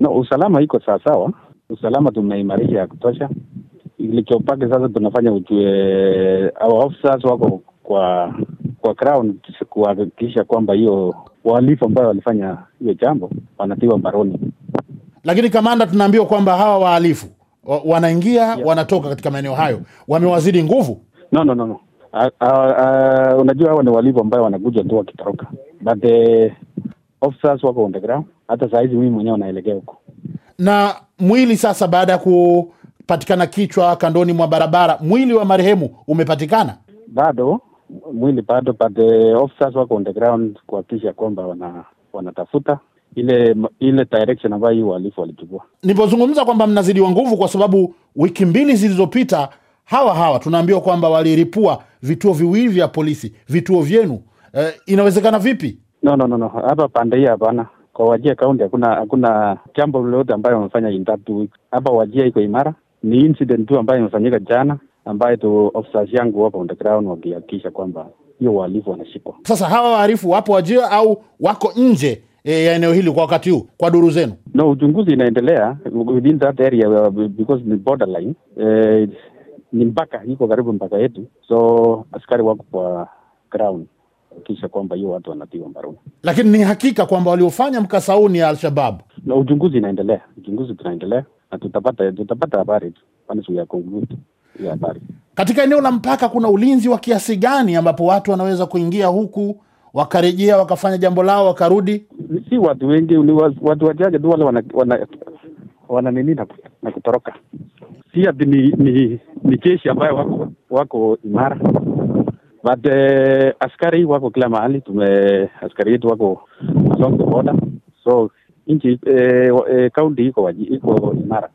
No, usalama iko sawasawa, usalama tumeimarisha ya kutosha. Ilichopake sasa tunafanya ujue, our officers wako kwa kwa crown kuhakikisha kwamba hiyo wahalifu ambayo walifanya hiyo jambo wanatiwa mbaroni. Lakini kamanda, tunaambiwa kwamba hawa wahalifu wanaingia yeah, wanatoka katika maeneo hayo, wamewazidi nguvu. No, no, no, no. Uh, uh, unajua hawa ni wahalifu ambayo wanakuja tu wakitoroka, but the officers wako on the ground hata sahizi mimi mwenyewe naelekea huko. Na mwili sasa, baada ya kupatikana kichwa kandoni mwa barabara, mwili wa marehemu umepatikana bado? Mwili bado, but officers wako on the ground kuhakikisha kwamba wana, wanatafuta ile ile direction ambayo hii wahalifu walichukua. Nilipozungumza kwamba mnazidiwa nguvu, kwa sababu wiki mbili zilizopita hawa hawa tunaambiwa kwamba waliripua vituo viwili vya polisi, vituo vyenu. Eh, inawezekana vipi? No, no, no, no. Hapa pande hii hapana kwa Wajia kaunti hakuna hakuna jambo lolote ambayo wamefanya intatu Hapa Wajia iko imara. Ni incident tu ambayo imefanyika jana ambayo tu officers yangu wapo underground wakihakikisha kwamba hiyo wahalifu wanashikwa. Sasa hawa waarifu wapo Wajia au wako nje e, ya eneo hili kwa wakati huu kwa duru zenu? No, uchunguzi inaendelea within that area uh, because ni borderline. Eh, ni mpaka iko karibu mpaka yetu, so askari wako kwa ground kuhakikisha kwamba hiyo watu wanatiwa mbaroni. Lakini ni hakika kwamba waliofanya mkasa huu ni Al-Shabab na uchunguzi inaendelea, uchunguzi tunaendelea na tutapata tutapata habari tu ya ya habari. Katika eneo la mpaka kuna ulinzi wa kiasi gani ambapo watu wanaweza kuingia huku wakarejea wakafanya jambo lao wakarudi? Si watu wengi, ni watu wachache tu wale wana, wana, wana nini na kutoroka. Si ati ni, ni, ni jeshi ambayo wako, wako imara But uh, askari wako kila mahali, tume askari yetu wako along the border, so nchi kaunti eh, eh, uh, iko iko imara.